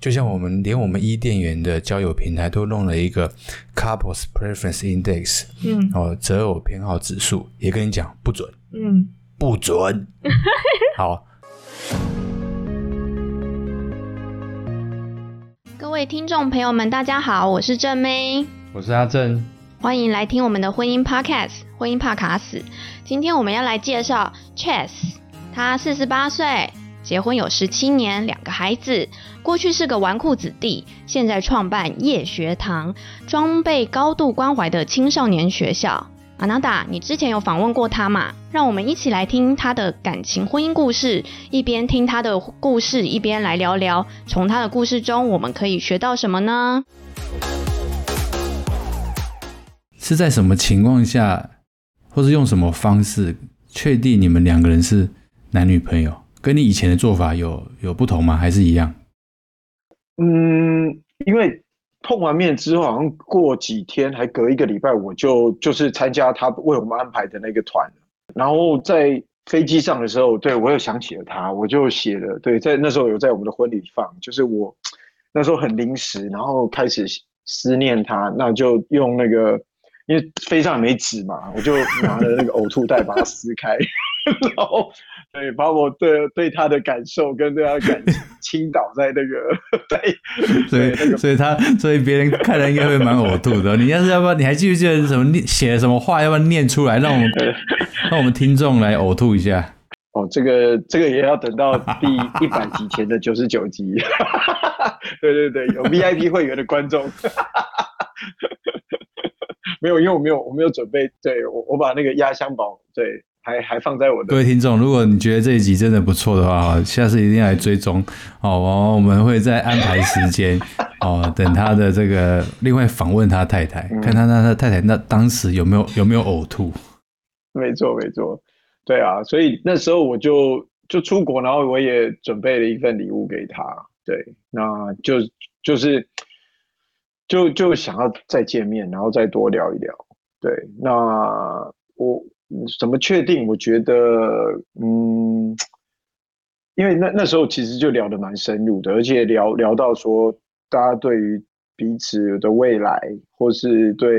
就像我們連我們伊甸緣的交友平台都弄了一個 Couples Preference Index，嗯，哦，擇偶偏好指數，也跟你講不準，嗯，不準。好，各位聽眾朋友們，大家好，我是正妹，我是阿正，歡迎來聽我們的婚姻 Podcast，婚姻怕卡死。今天我們要來介紹 Chase，他四十八歲。結婚有十七年，兩個孩子。過去是個紈絝子弟，現在創辦夜學堂，裝備高度關懷的青少年學校。阿娜達，你之前有訪問過他嗎？讓我們一起來聽他的感情婚姻故事，一邊聽他的故事，一邊來聊聊，從他的故事中我們可以學到什麼呢？是在什麼情況下，或是用什麼方式，確定你們兩個人是男女朋友？跟你以前的做法有有不同嗎？還是一樣？嗯，因為碰完面之後，好像過幾天，還隔一個禮拜，我就就是參加他為我們安排的那個團。然後在飛機上的時候，對，我又想起了他，我就寫了。對，在那時候有在我們的婚禮放，就是我那時候很臨時，然後開始思念他，那就用那個，因為飛機上也沒紙嘛，我就拿了那個嘔吐袋把它撕開。 然後，對，把我對對他的感受跟對他感情傾倒在那個，對， 所以、那個、所以他，所以別人看了應該會蠻嘔吐的。 你要是要不然你還記不記得什麼寫了什麼話，要不然念出來，讓我們， 讓我們聽眾來嘔吐一下？哦，這個這個也要等到第一百集前的九十九集。 對對對，有 VIP 會員的觀眾， 沒有，因為我沒有，我沒有準備，對我我把那個壓箱寶，對。還還放在我的。各位聽眾，如果你覺得這一集真的不錯的話，下次一定要來追蹤 哦。我們會再安排時間哦，等他的這個另外訪問他太太， 看他那他太太那當時有沒有有沒有嘔吐？沒錯，沒錯，對啊，所以那時候我就就出國，然後我也準備了一份禮物給他。對，那就就是就就想要再見面，然後再多聊一聊。對，那我。嗯、怎麼確定？我覺得，嗯，因為那那時候其實就聊得蠻深入的，而且聊聊到說大家對於彼此的未來，或是對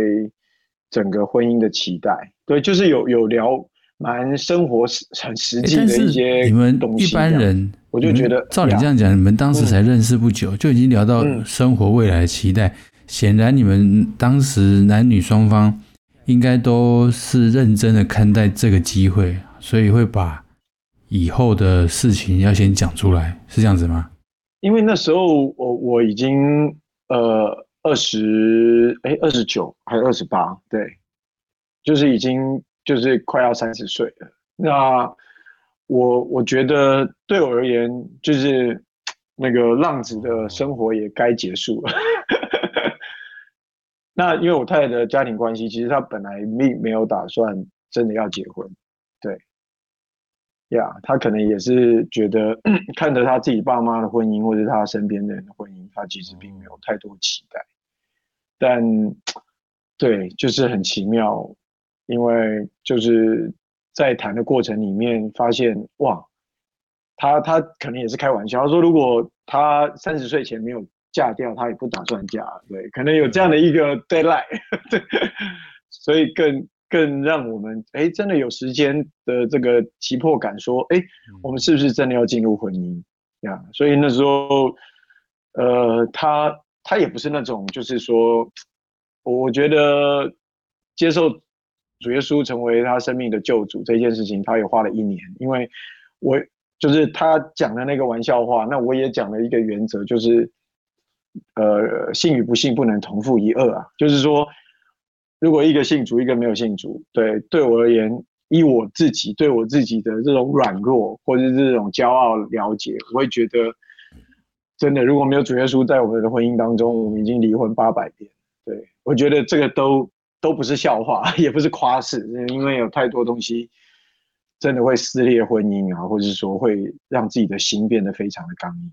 整個婚姻的期待，對，就是有有聊蠻生活實很實際的一些東西、欸、你們一般人，我就覺得，你照你這樣講，嗯、你們當時才認識不久，就已經聊到生活未來的期待，嗯、顯然你們當時男女雙方。應該都是認真的看待這個機會，所以會把以後的事情要先講出來，是這樣子嗎？因為那時候我我已經呃二十誒二十九還是二十八，對，就是已經就是快要三十歲了。那我我覺得對我而言，就是那個浪子的生活也該結束了。 那因為我太太的家庭關係，其實她本來並沒有打算真的要結婚，對，呀，她可能也是覺得 看着她自己爸媽的婚姻或者她身邊的人的婚姻，她其實並沒有太多期待，但，對，就是很奇妙，因為就是在談的過程裡面發現，哇，她她，她可能也是開玩笑，她說如果她三十歲前沒有。嫁掉他也不打算嫁，對，可能有這樣的一個 deadline，對，所以更更讓我們哎真的有時間的這個急迫感說，說哎，我們是不是真的要進入婚姻呀？所以那時候，呃，他他也不是那種就是說，我覺得接受主耶穌成為他生命的救主這件事情，他也花了一年，因為我，我就是他講的那個玩笑話，那我也講了一個原則，就是。呃，信與不信不能同負一軛啊，就是說，如果一個信主，一個沒有信主，對對我而言，以我自己對我自己的這種軟弱或者這種驕傲了解，我會覺得，真的如果沒有主耶穌在我們的婚姻當中，我們已經離婚八百遍。對我覺得這個都都不是笑話，也不是誇飾，因為有太多東西真的會撕裂婚姻啊，或者是說會讓自己的心變得非常的剛硬。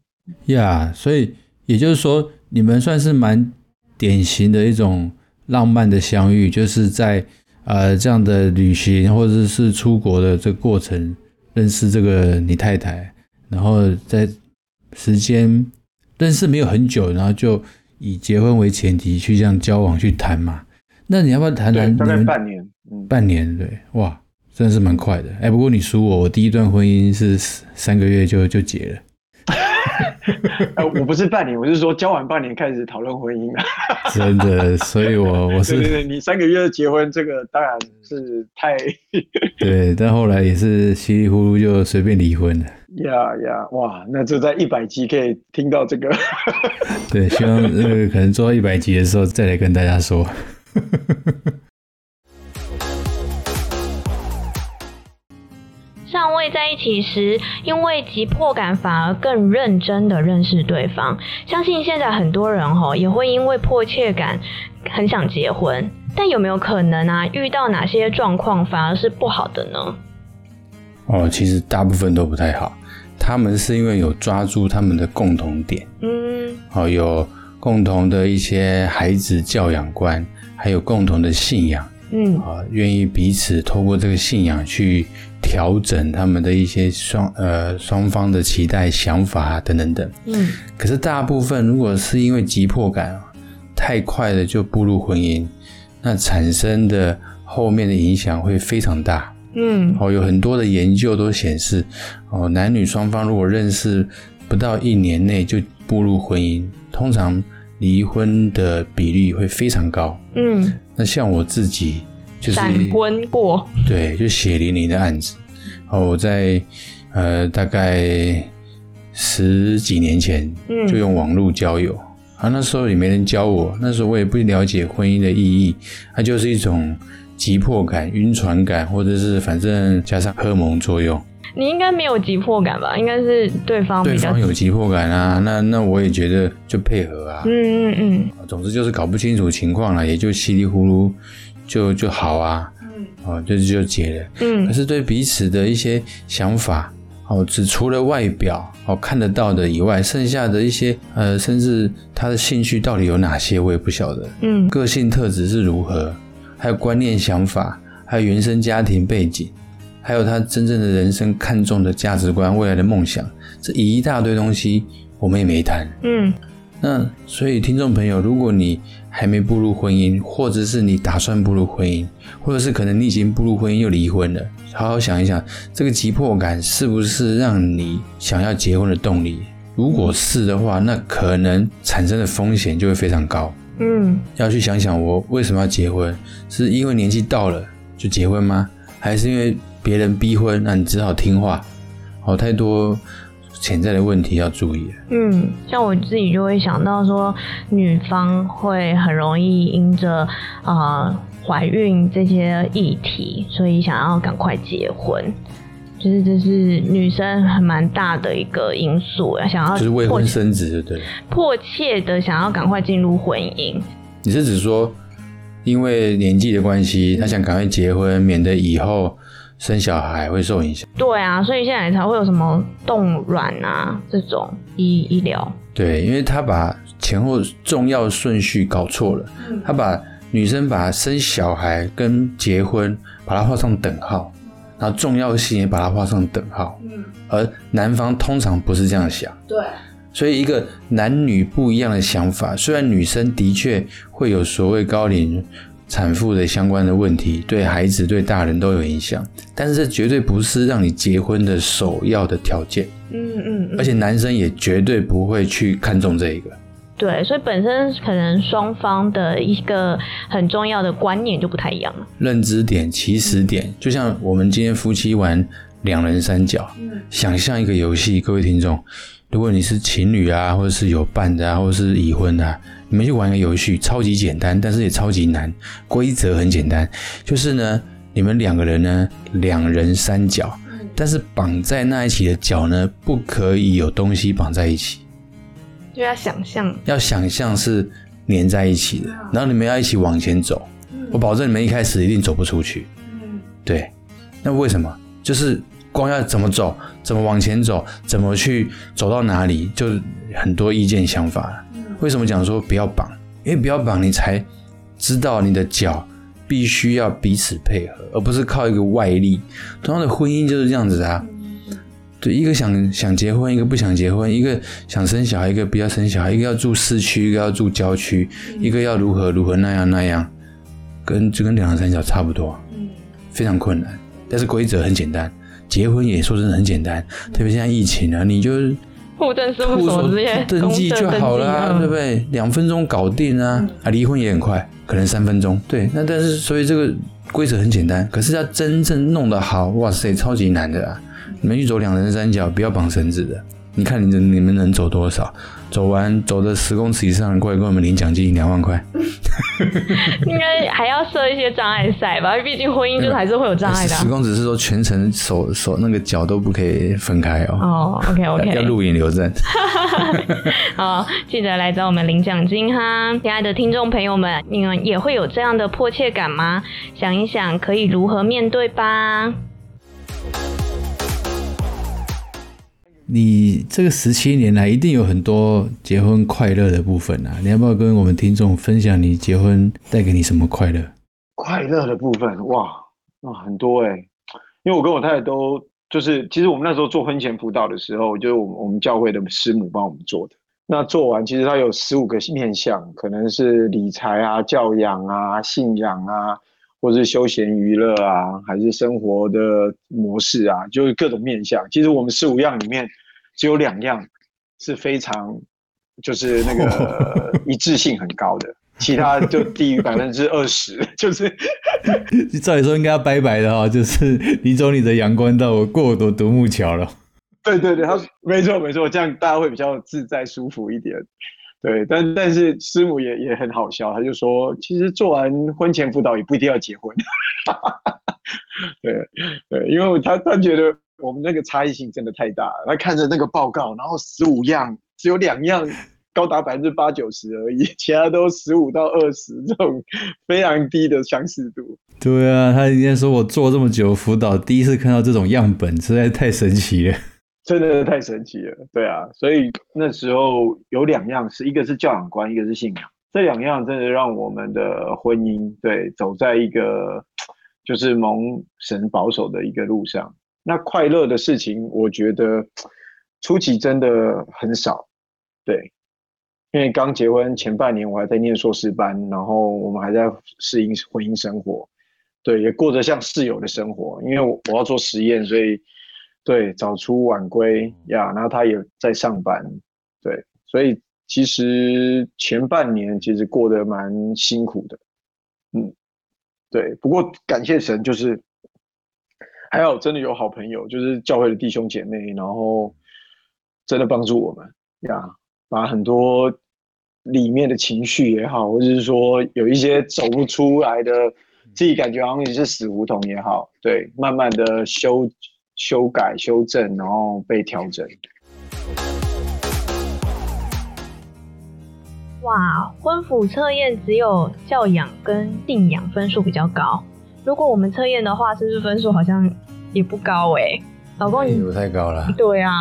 呀，yeah, 所以。也就是說，你們算是蠻典型的一種浪漫的相遇，就是在呃這樣的旅行或者是出國的這個過程認識這個你太太，然後在時間認識沒有很久，然後就以結婚為前提去這樣交往去談嘛。那你要不要談談？大概半年，嗯、半年對，哇，算是蠻快的。哎、欸，不過你輸我，我第一段婚姻是三個月就就結了。 呃、我不是半年，我是說交完半年開始討論婚姻了。 真的，所以我我是對對對，你三個月結婚，這個當然是太 對，但後來也是稀里糊塗就隨便離婚了。呀呀，哇，那就在一百集可以聽到這個。 對，希望呃可能做到一百集的時候再來跟大家說。 上位在一起時，因為急迫感，反而更認真的認識對方。相信現在很多人吼也會因為迫切感，很想結婚。但有沒有可能啊？遇到哪些狀況反而是不好的呢？哦，其實大部分都不太好。他們是因為有抓住他們的共同點，嗯，哦，有共同的一些孩子教養觀，還有共同的信仰。嗯啊，呃、願意彼此透過這個信仰去調整他們的一些雙呃雙方的期待、想法等等等。嗯，可是大部分如果是因為急迫感，太快的就步入婚姻，那產生的後面的影響會非常大。嗯，哦，有很多的研究都顯示，哦，男女雙方如果認識不到一年內就步入婚姻，通常離婚的比例會非常高。嗯。那像我自己就是閃婚過，對，就血淋淋的案子。哦，我在呃大概十幾年前就用網絡交友，啊，那時候也沒人教我，那時候我也不了解婚姻的意義，它就是一種急迫感、暈船感，或者是反正加上荷爾蒙作用。你應該沒有急迫感吧？應該是對方比較對方有急迫感啊。那那我也覺得就配合啊。嗯嗯嗯。總之就是搞不清楚情況了，啊，也就稀里糊塗就就好啊。嗯。哦，就是，就結了。嗯。可是對彼此的一些想法，哦，只除了外表哦看得到的以外，剩下的一些呃，甚至他的興趣到底有哪些，我也不曉得。嗯。個性特質是如何，還有觀念想法，還有原生家庭背景。還有他真正的人生看重的價值觀、未來的夢想，這一大堆東西我們也沒談。嗯，那所以聽眾朋友，如果你還沒步入婚姻，或者是你打算步入婚姻，或者是可能你已經步入婚姻又離婚了，好好想一想，這個急迫感是不是讓你想要結婚的動力？如果是的話，那可能產生的風險就會非常高。嗯，要去想想我為什麼要結婚，是因為年紀到了就結婚嗎？還是因為？別人逼婚，那你只好聽話。好、哦，太多潛在的問題要注意。嗯，像我自己就會想到說，女方會很容易因着啊懷孕這些議題，所以想要趕快結婚，就是這是女生蠻大的一個因素，想要就是未婚生子對，對不對？迫切的想要趕快進入婚姻。你是指說，因為年紀的關係，她想趕快結婚，嗯、免得以後。生小孩會受影響？對啊，所以現在才會有什麼凍卵啊這種醫醫療。對，因為他把前後重要順序搞錯了。嗯。他把女生把生小孩跟結婚，把它畫上等號，嗯。然後重要性也把它畫上等號。嗯。而男方通常不是這樣想。對。所以一個男女不一樣的想法，雖然女生的確會有所謂高齡產婦的相關的問題，對孩子、對大人都有影響，但是這絕對不是讓你結婚的首要的條件。嗯嗯，嗯，而且男生也絕對不會去看重這一個。對，所以本身可能雙方的一個很重要的觀念就不太一樣了。認知點、起始點，嗯、就像我們今天夫妻玩兩人三角，嗯、想象一個遊戲，各位聽眾。如果你是情侶啊，或者是有伴的，啊，或者是已婚的、啊，你們去玩個遊戲，超級簡單，但是也超級難。規則很簡單，就是呢，你們兩個人呢，兩人三腳，嗯、但是綁在那一起的腳呢，不可以有東西綁在一起。就要想象，要想象是粘在一起的，然後你們要一起往前走。嗯、我保證你們一開始一定走不出去。嗯，對。那為什麼？就是。光要怎麼走，怎麼往前走，怎麼去走到哪裡，就很多意見想法。嗯、為什麼講說不要綁？因為不要綁，你才知道你的腳必須要彼此配合，而不是靠一個外力。同樣的婚姻就是這樣子啊。嗯、對，一個想想結婚，一個不想結婚；一個想生小孩，一個不要生小孩；一個要住市區，一個要住郊區；嗯、一個要如何如何那樣那樣，跟就跟兩人三腳差不多。嗯、非常困難，但是規則很簡單。結婚也說真的很簡單，特別現在疫情啊，你就戶政事務所登記就好了，啊，對不對？兩分鐘搞定啊！嗯、啊，離婚也很快，可能三分鐘。對，那但是所以這個規則很簡單，可是要真正弄得好，哇塞，超級難的！啊。你們去走兩人三腳不要綁繩子的。你看你你們能走多少？走完走的十公尺以上的過來，跟我們領獎金兩萬塊。嗯 應該還要設一些障礙賽吧，畢竟婚姻就還是會有障礙的、啊吧。十公子是說全程手手那個腳都不可以分開哦、喔。哦、oh,，OK OK， 要錄影留證。 好，記得來找我們領獎金哈，親愛的聽眾朋友們，你們也會有這樣的迫切感嗎？想一想，可以如何面對吧。你這個十七年來，一定有很多結婚快樂的部分啊！你要不要跟我們聽眾分享你結婚帶給你什麼快樂？快樂的部分哇，那很多哎，因為我跟我太太都就是，其實我們那時候做婚前輔導的時候，就是我們我們教會的師母幫我們做的。那做完其實它有十五個面向，可能是理財啊、教養啊、信仰啊。或是休閒娛樂啊，還是生活的模式啊，就是各種面向。其實我們十五樣裡面，只有兩樣是非常，就是那個一致性很高的。哦、其他就低於百分之二十。 就是 照理說應該要拜拜的啊，哦，就是你走你的陽關道，我過我獨獨木橋了。對對對，他沒錯沒錯，這樣大家會比較自在舒服一點。對，但但是師母也也很好笑，他就說，其實做完婚前輔導也不一定要結婚。 對對，因為他他覺得我們那個差異性真的太大了，他看着那個報告，然後十五樣只有兩樣，高達百分之八九十而已，其他都十五到二十這種非常低的相似度。對啊，他應該說我做這麼久輔導，第一次看到這種樣本，實在太神奇了。真的是太神奇了，對啊，所以那時候有兩樣，是一個是教養觀，一個是信仰，這兩樣真的讓我們的婚姻對走在一個就是蒙神保守的一個路上。那快樂的事情，我覺得初期真的很少，對，因為剛結婚前半年，我還在念碩士班，然後我們還在適應婚姻生活，對，也過得像室友的生活，因為我要做實驗，所以。對，早出晚歸呀，yeah, 然後他也在上班，對，所以其實前半年其實過得蠻辛苦的，嗯，對，不過感謝神，就是還有真的有好朋友，就是教會的弟兄姐妹，然後真的幫助我們呀，yeah, 把很多裡面的情緒也好，或者是說有一些走不出來的，自己感覺好像也是死胡同也好，對，慢慢的修。修改、修正，然後被調整。哇，婚輔測驗只有教養跟定養分數比較高。如果我們測驗的話，是不是分數好像也不高哎、欸？老公，也有太高了。對啊，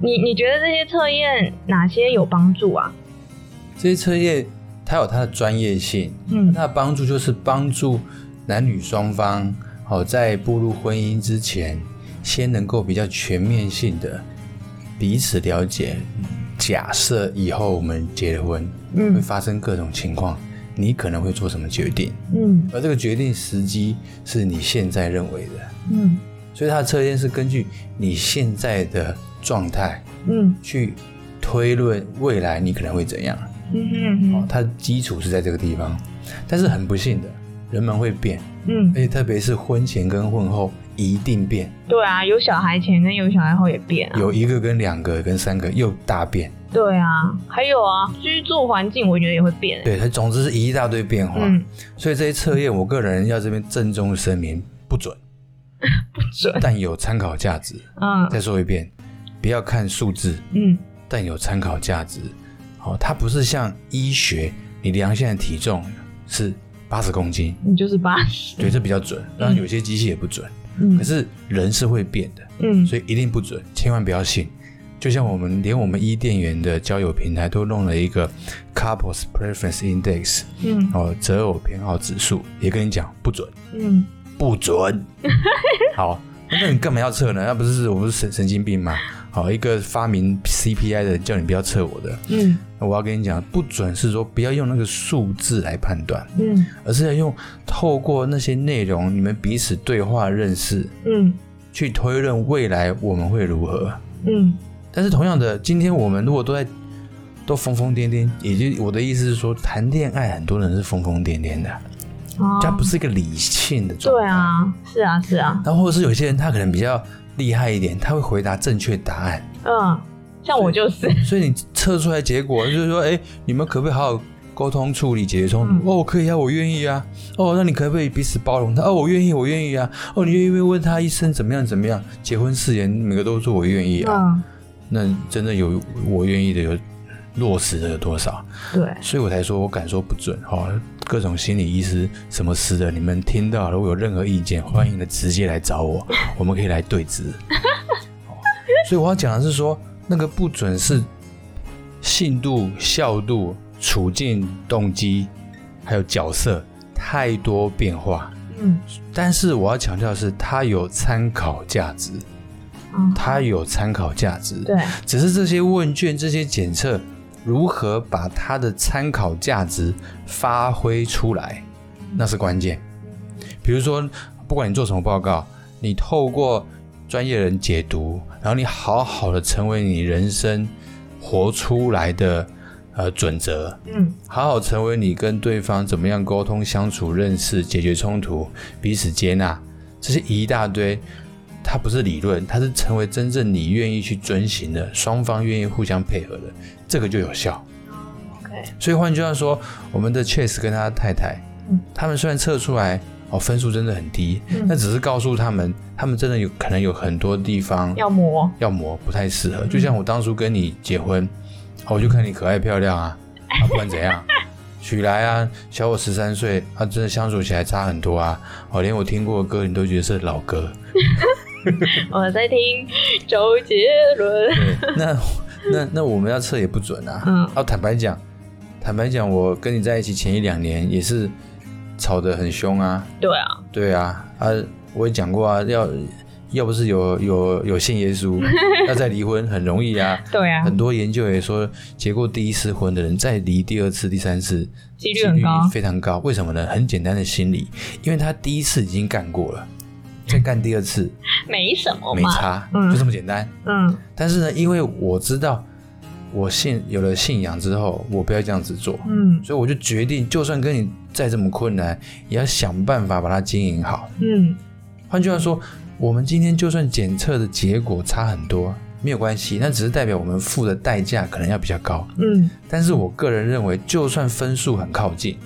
你你覺得這些測驗哪些有幫助啊、嗯？這些測驗它有它的專業性，嗯，它的幫助就是幫助男女雙方好在步入婚姻之前。先能夠比較全面性的彼此了解，假設以後我們結了婚，會發生各種情況，你可能會做什麼決定，而這個決定時機是你現在認為的，所以它的測驗是根據你現在的狀態，去推論未來你可能會怎樣，它的基礎是在這個地方，但是很不幸的，人們會變，而且特別是婚前跟婚後。一定變，對啊，有小孩前跟有小孩後也變，啊，有一個跟兩個跟三個又大變，對啊，還有啊，居住環境我覺得也會變，欸，對，它總之是一大堆變化，嗯，所以這些測驗，我個人要這邊鄭重聲明不準，不準，但有參考價值啊。嗯，再說一遍，不要看數字，嗯，但有參考價值。哦，它不是像醫學，你量一下體重是八十公斤，你就是八十，對，這比較準，當然有些機器也不準。嗯、可是人是會變的，嗯、所以一定不準，千萬不要信。就像我們連我們伊甸緣的交友平台都弄了一個 Couples Preference Index，、嗯、哦，擇偶偏好指數，也跟你講不準，不準。好，那你幹嘛要測呢？那不是我不是神神經病嗎？好，一個發明 CPI 的人叫你不要測我的，嗯我要跟你講，不准是說不要用那個數字來判斷，嗯，而是要用透過那些內容，你們彼此對話認識，嗯，去推論未來我們會如何，嗯。但是同樣的，今天我們如果都在都瘋瘋癲癲，也就我的意思是說，談戀愛很多人是瘋瘋癲癲的，哦，這不是一個理性的狀態，對啊，是啊，是啊。那或者是有些人他可能比較厲害一點，他會回答正確答案，嗯。像我就是對， 所以你測出來結果就是說，哎、欸，你們可不可以好好溝通處理解決衝突？嗯、哦，我可以啊，我願意啊。哦，那你可不可以彼此包容他？哦，我願意，我願意啊。哦，你願意問他一生怎麼樣怎麼樣？結婚誓言每個都是我願意啊。嗯、那真的有我願意的，有落實的有多少？對，所以我才說我敢說不準哈、哦。各種心理醫師什麼師的，你們聽到如果有任何意見，歡迎的直接來找我，嗯、我們可以來對質、 哦。所以我要講的是說。那個不準是信度、效度、處境、動機，還有角色太多變化。嗯，但是我要強調的是，它有參考價值。它、嗯、有參考價值。對，只是這些問卷、這些檢測如何把它的參考價值發揮出來，那是關鍵。嗯、比如說，不管你做什麼報告，你透過。專業人解讀，然後你好好的成為你人生活出來的、呃、準則，嗯，好好成為你跟對方怎麼樣溝通、相處、認識、解決衝突、彼此接納，這些一大堆，它不是理論，它是成為真正你願意去遵行的，雙方願意互相配合的，這個就有效。OK。所以換句話說，我們的 Chase 跟他的太太，他們雖然測出來。哦，分數真的很低，那、嗯、只是告訴他們，他們真的有可能有很多地方要磨，要磨模，不太適合。嗯、就像我當初跟你結婚，我、哦、就看你可愛漂亮啊，嗯、啊不管怎樣，娶 來啊，小我十三歲，啊，真的相處起來差很多啊，哦，連我聽過的歌，你都覺得是老歌。 我在聽周杰倫 。那那那我們要測也不準啊。哦、嗯啊，坦白講，坦白講，我跟你在一起前一兩年也是。吵得很凶啊！對啊，對啊，啊，我也講過啊，要要不是有有有信耶穌， 要再離婚很容易啊。 對啊，很多研究也說，結過第一次婚的人再離第二次、第三次，幾率很高，幾率非常高。為什麼呢？很簡單的心理，因為他第一次已經幹過了，嗯、再幹第二次沒什麼，沒差，嗯、就這麼簡單。嗯，但是呢，因為我知道。我信有了信仰之後，我不要這樣子做。嗯，所以我就決定，就算跟你再怎麼困難，也要想辦法把它經營好。嗯，換句話說，我們今天就算檢測的結果差很多，沒有關係，那只是代表我們付的代價可能要比較高。嗯，但是我個人認為，就算分數很靠近，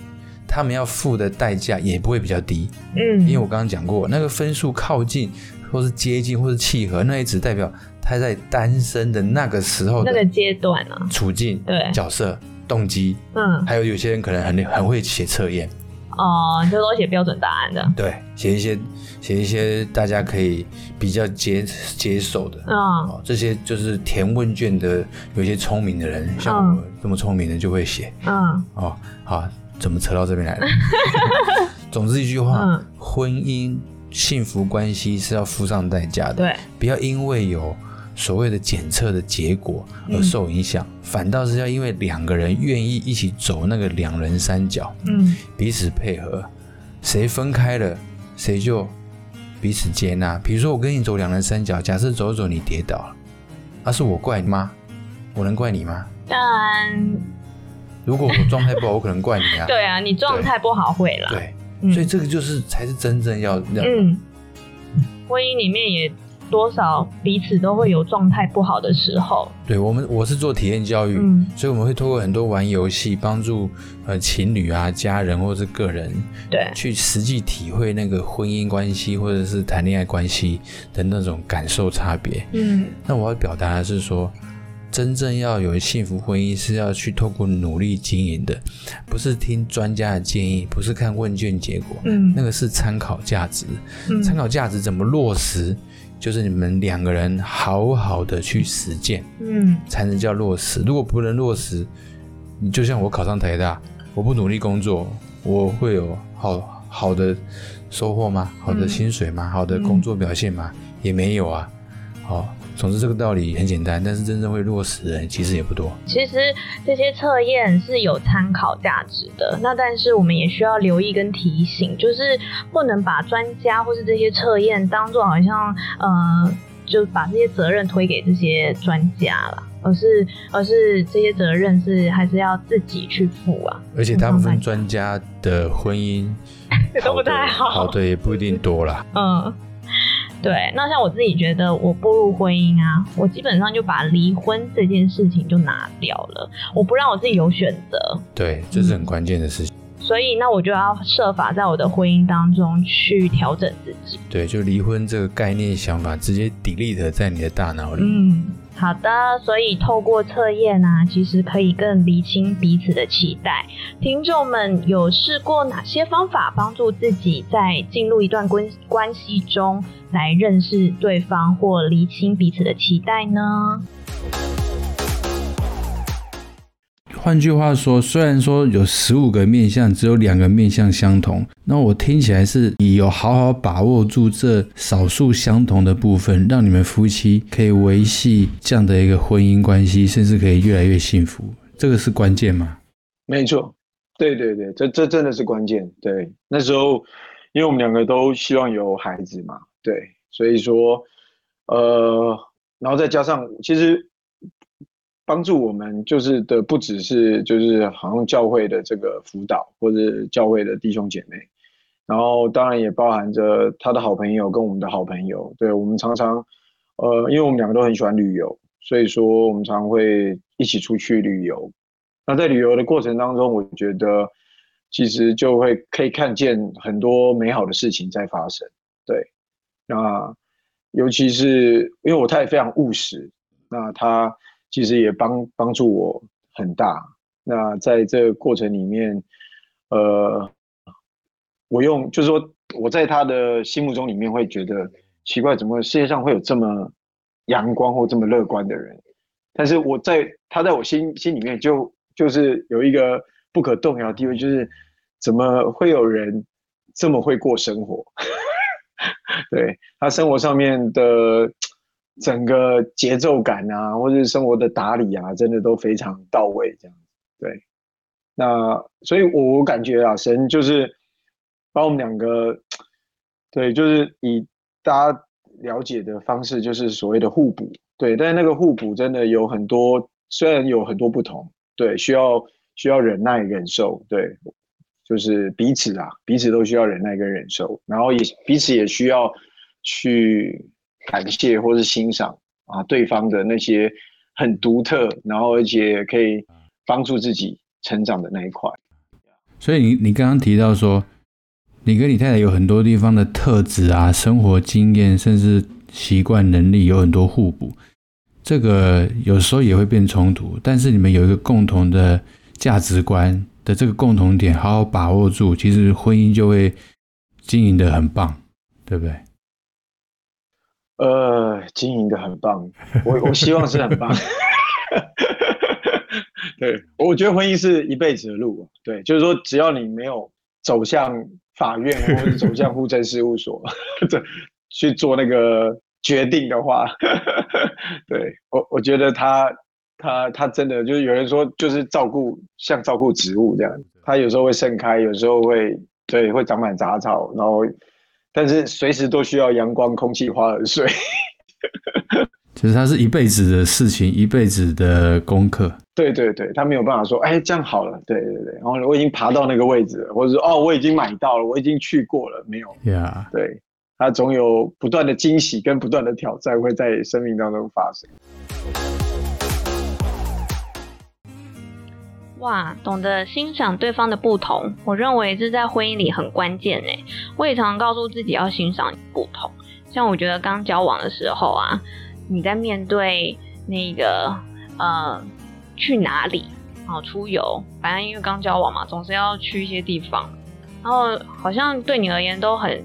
他們要付的代價也不會比較低。嗯，因為我剛剛講過，那個分數靠近或是接近或是契合，那也只代表。他在單身的那個時候，那個階段啊，處境、對角色、動機，嗯，還有有些人可能很很會寫測驗，哦，就都寫標準答案的，對，寫一些寫一些大家可以比較接接受的，啊、嗯哦，這些就是填問卷的，有些聰明的人，像我們這麼聰明的就會寫，嗯，哦，好，怎麼扯到這邊來了？ 總之一句話，嗯、婚姻。幸福關係是要付上代價的，對，不要因為有所謂的檢測的結果而受影響，嗯、反倒是要因為兩個人願意一起走那個兩人三腳，嗯，彼此配合，誰分開了，誰就彼此接納。比如說我跟你走兩人三腳，假設走一走你跌倒了，啊、是我怪你嗎？我能怪你嗎？當然但。如果我狀態不好，我可能怪你啊。 對啊，你狀態不好會啦。所以這個就是、嗯、才是真正要。嗯，嗯婚姻裡面也多少彼此都會有狀態不好的時候。對，我們我是做體驗教育，嗯、所以我們會通過很多玩遊戲，幫助呃情侶啊、家人或者個人，對，去實際體會那個婚姻關係或者是談戀愛關係的那種感受差別。嗯，那我要表達的是說。真正要有幸福婚姻，是要去透過努力經營的，不是聽專家的建議，不是看問卷結果，嗯，那個是參考價值。參考價值怎麼落實？就是你們兩個人好好的去實踐，嗯，才能叫落實。如果不能落實，你就像我考上台大，我不努力工作，我會有好好的收穫嗎？好的薪水嗎？好的工作表現嗎？也沒有啊，好。總之，這個道理很簡單，但是真正會落實的人其實也不多。其實這些測驗是有參考價值的，那但是我們也需要留意跟提醒，就是不能把專家或是這些測驗當做好像，呃，就把這些責任推給這些專家了，而是而是這些責任是還是要自己去負啊。而且大部分專家的婚姻也 都不太好，好的也不一定多了。 嗯。對，那像我自己覺得，我步入婚姻啊，我基本上就把離婚這件事情就拿掉了，我不讓我自己有選擇。對，這是很關鍵的事情。嗯。所以，那我就要設法在我的婚姻當中去調整自己。對，就離婚這個概念想法，直接 delete 在你的大腦裡。嗯。好的，所以透過測驗呢，其實可以更釐清彼此的期待。聽眾們有試過哪些方法幫助自己在進入一段關關係中來認識對方或釐清彼此的期待呢？換句話說，雖然說有十五個面相，只有兩個面相相同，那我聽起來是你有好好把握住這少數相同的部分，讓你們夫妻可以維繫這樣的一個婚姻關係，甚至可以越來越幸福。這個是關鍵嗎？沒錯，對對對，這這真的是關鍵。對，那時候因為我們兩個都希望有孩子嘛，對，所以說，呃，然後再加上其實。幫助我們就是的不只是就是好像教會的這個輔導或者是教會的弟兄姐妹，然後當然也包含着他的好朋友跟我們的好朋友。對我們常常，呃，因為我們兩個都很喜歡旅遊，所以說我們常會一起出去旅遊。那在旅遊的過程當中，我覺得其實就會可以看見很多美好的事情在發生。對，那尤其是因為我太太非常務實，那他。其實也幫幫助我很大。那在這個過程裡面，呃，我用就是說我在他的心目中裡面會覺得奇怪，怎麼世界上會有這麼陽光或這麼樂觀的人？但是我在他在我心心裡面就就是有一個不可動搖的地位，就是怎麼會有人這麼會過生活？ 對，他生活上面的。整個節奏感啊，或者是生活的打理啊，真的都非常到位。這樣，對。那所以，我我感覺啊，神就是把我們兩個，對，就是以大家了解的方式，就是所謂的互補，對。但是那個互補真的有很多，雖然有很多不同，對，需要需要忍耐忍受，對，就是彼此啊，彼此都需要忍耐跟忍受，然後也彼此也需要去。感謝或是欣賞啊，對方的那些很獨特，然後而且可以幫助自己成長的那一塊。所以你你剛剛提到說，你跟你太太有很多地方的特質啊，生活經驗，甚至習慣能力有很多互補。這個有時候也會變衝突，但是你們有一個共同的價值觀的這個共同點，好好把握住，其實婚姻就會經營得很棒，對不對？呃，經營得很棒，我我希望是很棒。 對，我覺得婚姻是一輩子的路。對，就是說，只要你沒有走向法院或者走向戶政事務所， 去做那個決定的話，對，我我覺得他他他真的就是有人說就是照顧像照顧植物這樣，他有時候會盛開，有時候會對會長滿雜草，然後。但是隨時都需要陽光、空氣、花兒、水。其實它是一輩子的事情，一輩子的功課。對對對，他沒有辦法說，哎、欸，這樣好了。對對對，然後我已經爬到那個位置了，或者說，哦，我已經買到了，我已經去過了，沒有。Yeah. 對，他總有不斷的驚喜跟不斷的挑戰會在生命當中發生。哇，懂得欣賞對方的不同，我認為是在婚姻裡很關鍵誒。我也常常告訴自己要欣賞不同，像我覺得剛交往的時候啊，你在面對那個呃去哪裡啊出遊，反正因為剛交往嘛，總是要去一些地方，然後好像對你而言都很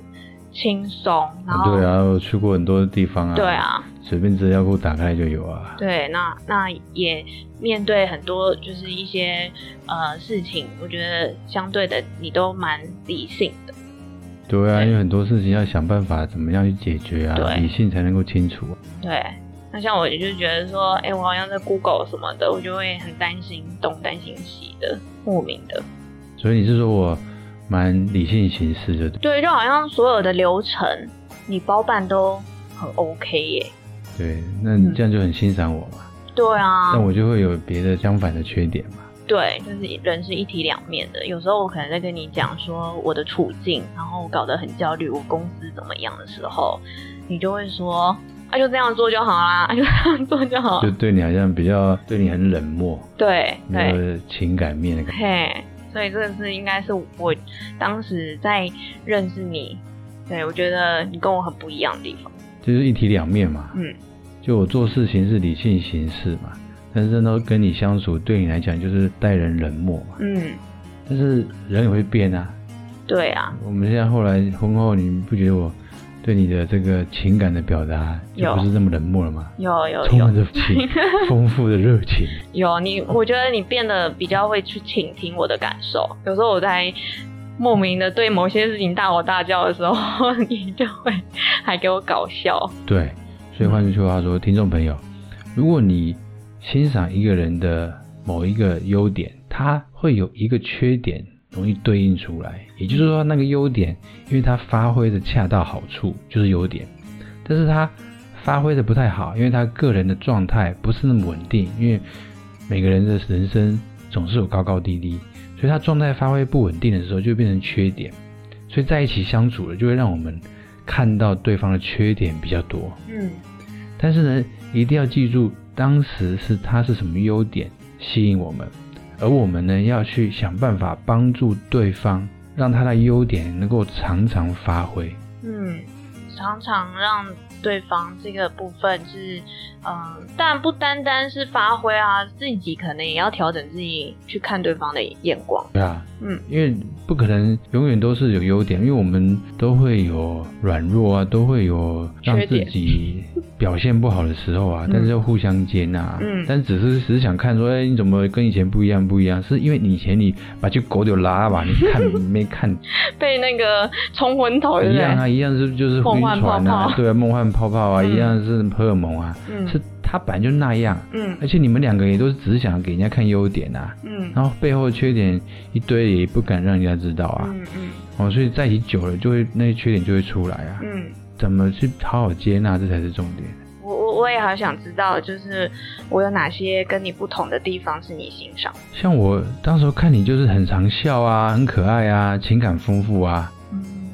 輕鬆，然後啊對啊，我去過很多地方啊，對啊，隨便資料庫打開就有啊。對，那那也面對很多就是一些呃事情，我覺得相對的你都蠻理性的。對啊，對因為很多事情要想辦法怎麼樣去解決啊，對理性才能夠清楚。對，那像我就覺得說，哎、欸，我好像在 Google 什麼的，我就會很擔心，東擔心西的，莫名的。所以你是說我？蠻理性、形式的，對，就好像所有的流程你包辦都很 OK 耶。對，那你這樣就很欣賞我嘛？嗯、對啊，那我就會有別的相反的缺點嘛？對，就是人是一體兩面的，有時候我可能在跟你講說我的處境，然後我搞得很焦慮，我公司怎麼樣的時候，你就會說啊，就這樣做就好啦，啊，就這樣做就好，就對你好像比較對你很冷漠，對，那個情感面的感覺，嘿。所以這個是應該是我當時在認識你，對我覺得你跟我很不一樣的地方，就是一體兩面嘛。嗯，就我做事情是理性行事嘛，但是都跟你相處，對你來講就是待人冷漠嘛。嗯，但是人也會變啊。對啊。我們現在後來婚後，你不覺得我？對你的這個情感的表達，你不是這麼冷漠了嗎？有有有，有有有充滿着情，豐富的熱情。 有你，我覺得你變得比較會去傾聽我的感受。有時候我在莫名的對某些事情大吼大叫的時候， 你就會還給我搞笑。對，所以換句話說，嗯、聽眾朋友，如果你欣賞一個人的某一個優點，他會有一個缺點。容易對應出來，也就是說那個優點，因為他發揮的恰到好處就是優點，但是他發揮的不太好，因為他個人的狀態不是那麼穩定，因為每個人的人生總是有高高低低，所以他狀態發揮不穩定的時候就會變成缺點，所以在一起相處了就會讓我們看到對方的缺點比較多，嗯，但是呢，一定要記住當時是他是什麼優點吸引我們。而我們呢，要去想辦法幫助對方，讓他的優點能夠常常發揮。嗯，常常讓對方這個部分是，嗯、呃，但不單單是發揮啊，自己可能也要調整自己，去看對方的眼光。對啊，嗯，因為。不可能永遠都是有優點，因為我們都會有軟弱啊，都會有讓自己表現不好的時候啊。缺點 但是要互相接納啊，嗯、但只是只是想看說，哎、欸，你怎麼跟以前不一樣？不一樣，是因為以前你，你把這狗就拉吧，你看 沒看？被那個沖昏頭是是一樣啊，一樣是不是就是暈船啊，夢幻泡泡，對啊，夢幻泡泡啊，嗯、一樣是荷爾蒙啊，嗯、是。他本來就那樣，嗯，而且你們兩個也都只是只想給人家看優點啊。嗯，然後背後缺點一堆也不敢讓人家知道啊，嗯嗯，嗯哦，所以在一起久了就會那些缺點就會出來啊，嗯，怎麼去好好接納這才是重點。我我我也好想知道，就是我有哪些跟你不同的地方是你欣賞？像我當時看你就是很常笑啊，很可愛啊，情感豐富啊。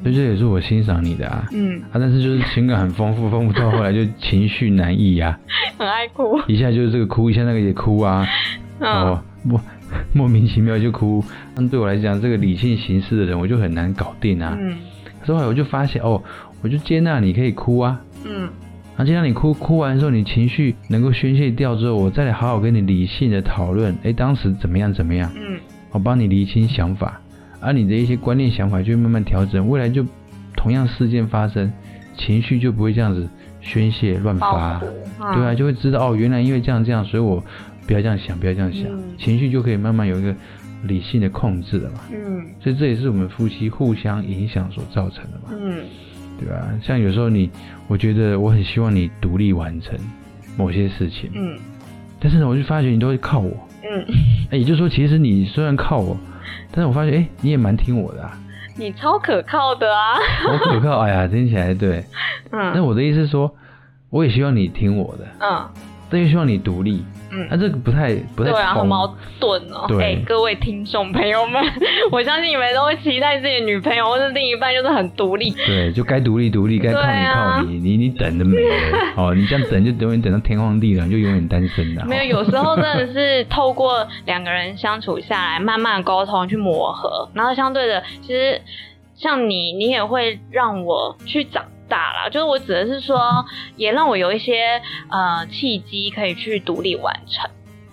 所以這也是我欣賞你的啊，嗯，啊，但是就是情感很豐富，豐富 到後來就情緒難抑啊，很愛哭，一下就是這個哭，一下那個也哭啊，哦，哦，莫莫名其妙就哭，那對我來講，這個理性行事的人，我就很難搞定啊，嗯，可是後來我就發現哦，我就接納你可以哭啊，嗯，那接納你哭，哭完之後你情緒能夠宣洩掉之後，我再來好好跟你理性的討論，哎，當時怎麼樣怎麼樣，嗯，我幫你理清想法。而、啊、你的一些觀念、想法就會慢慢調整，未來就同樣事件發生，情緒就不會這樣子宣泄亂發、啊，對啊，就會知道哦，原來因為這樣這樣，所以我不要這樣想，不要這樣想，情緒就可以慢慢有一個理性的控制了嘛。嗯，所以這也是我們夫妻互相影響所造成的嘛。嗯，對吧、啊？像有時候你，我覺得我很希望你獨立完成某些事情，嗯，但是呢，我就發覺你都會靠我，嗯，哎，也就是說，其實你雖然靠我。但是我發現，哎、欸，你也蠻聽我的啊，你超可靠的啊，好 可靠，哎呀，聽起來對，嗯，那我的意思是說，我也希望你聽我的，嗯。這就希望你獨立，嗯，啊，這個不太不太對啊，矛盾哦。對、欸，各位聽眾朋友們，我相信你們都會期待自己的女朋友或者另一半就是很獨立，對，就該獨立獨立，該靠你、啊、靠你，你你等的沒？ 哦，你這樣等就永遠等到天荒地老，就永遠單身了。 沒有，有時候真的是透過兩個人相處下來，慢慢的溝通去磨合，然後相對的，其實像你，你也會讓我去找。大了，就是我指的是說，也讓我有一些呃契機可以去獨立完成。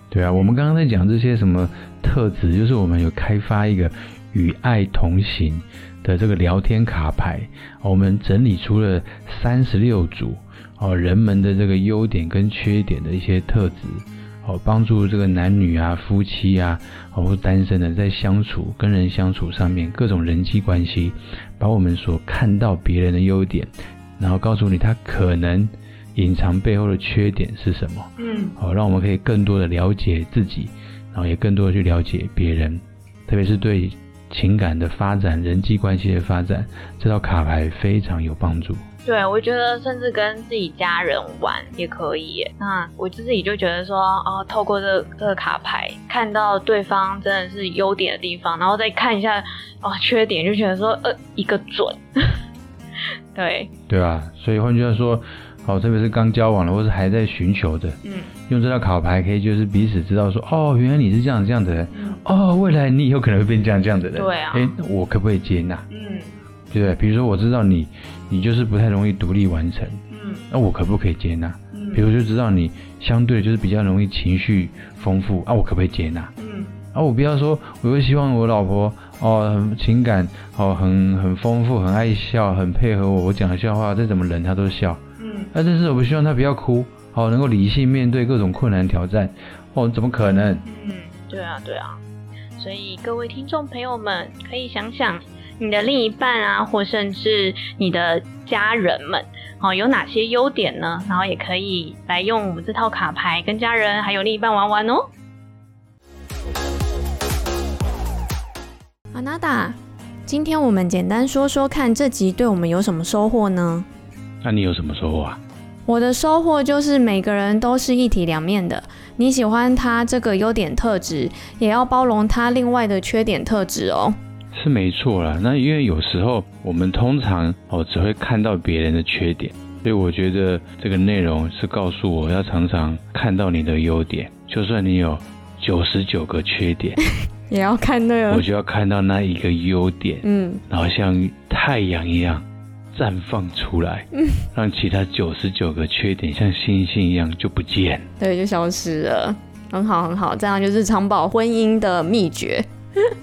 對啊，我們剛剛在講這些什麼特質，就是我們有開發一個與愛同行的這個聊天卡牌，我們整理出了三十六組哦，人們的這個優點跟缺點的一些特質。哦，幫助這個男女啊、夫妻啊，哦，或單身的在相處、跟人相處上面各種人際關係，把我們所看到別人的優點，然後告訴你他可能隱藏背後的缺點是什麼。嗯，好，讓我們可以更多的了解自己，然後也更多的去了解別人，特別是對情感的發展、人際關係的發展，這套卡牌非常有幫助。對，我覺得甚至跟自己家人玩也可以耶。那我自己就覺得說，哦，透過這個、這個、卡牌看到對方真的是優點的地方，然後再看一下哦缺點，就覺得說，呃，一個準。 對。對啊，所以換句話說，哦，特別是剛交往了或是還在尋求的，嗯，用這套卡牌可以就是彼此知道說，哦，原來你是這樣這樣的人，哦，未來你以後可能會變這樣這樣的人，對啊，哎，我可不可以接納？嗯。對，比如說我知道你，你就是不太容易獨立完成，嗯，那、啊、我可不可以接納？嗯，比如就知道你相對就是比較容易情緒豐富，啊，我可不可以接納？嗯，啊，我不要說，我又希望我老婆哦，哦，很情感哦，很很豐富，很愛笑，很配合我，我講的笑話再怎麼冷她都笑，嗯，啊，但是我不希望她不要哭，好、哦，能夠理性面對各種困難挑戰，哦，怎麼可能？嗯，嗯，對啊，對啊，所以各位聽眾朋友們可以想想。你的另一半啊，或甚至你的家人們，哦，有哪些優點呢？然後也可以來用我們這套卡牌跟家人還有另一半玩玩哦。Anada，今天我們簡單說說看，這集對我們有什麼收穫呢？那你有什麼收穫啊？我的收穫就是每個人都是一體兩面的，你喜歡他這個優點特質，也要包容他另外的缺點特質哦。是沒錯了。那因為有時候我們通常哦只會看到別人的缺點，所以我覺得這個內容是告訴我要常常看到你的優點，就算你有九十九個缺點，也要看到，那個，我就要看到那一個優點，嗯，然後像太陽一樣綻放出來，嗯，讓其他九十九個缺點像星星一樣就不見，對，就消失了。很好，很好，這樣就是長保婚姻的秘訣。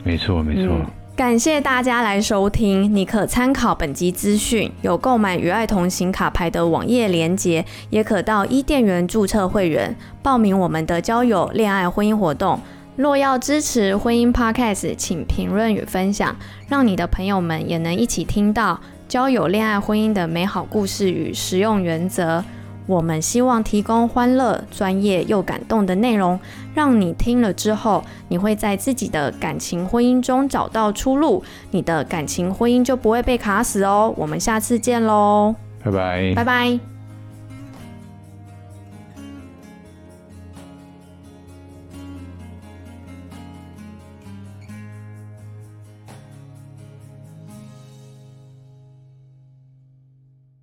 沒錯，沒錯、嗯。感謝大家來收聽，你可參考本集資訊，有購買《與愛同行》卡牌的網頁鏈接，也可到伊甸緣註冊會員，報名我們的交友、戀愛、婚姻活動。若要支持婚姻 Podcast，請評論與分享，讓你的朋友們也能一起聽到交友、戀愛、婚姻的美好故事與實用原則。我們希望提供歡樂、專業又感動的內容，讓你聽了之後，你會在自己的感情婚姻中找到出路，你的感情婚姻就不會被卡死喔。我們下次見嘍，拜拜，拜拜。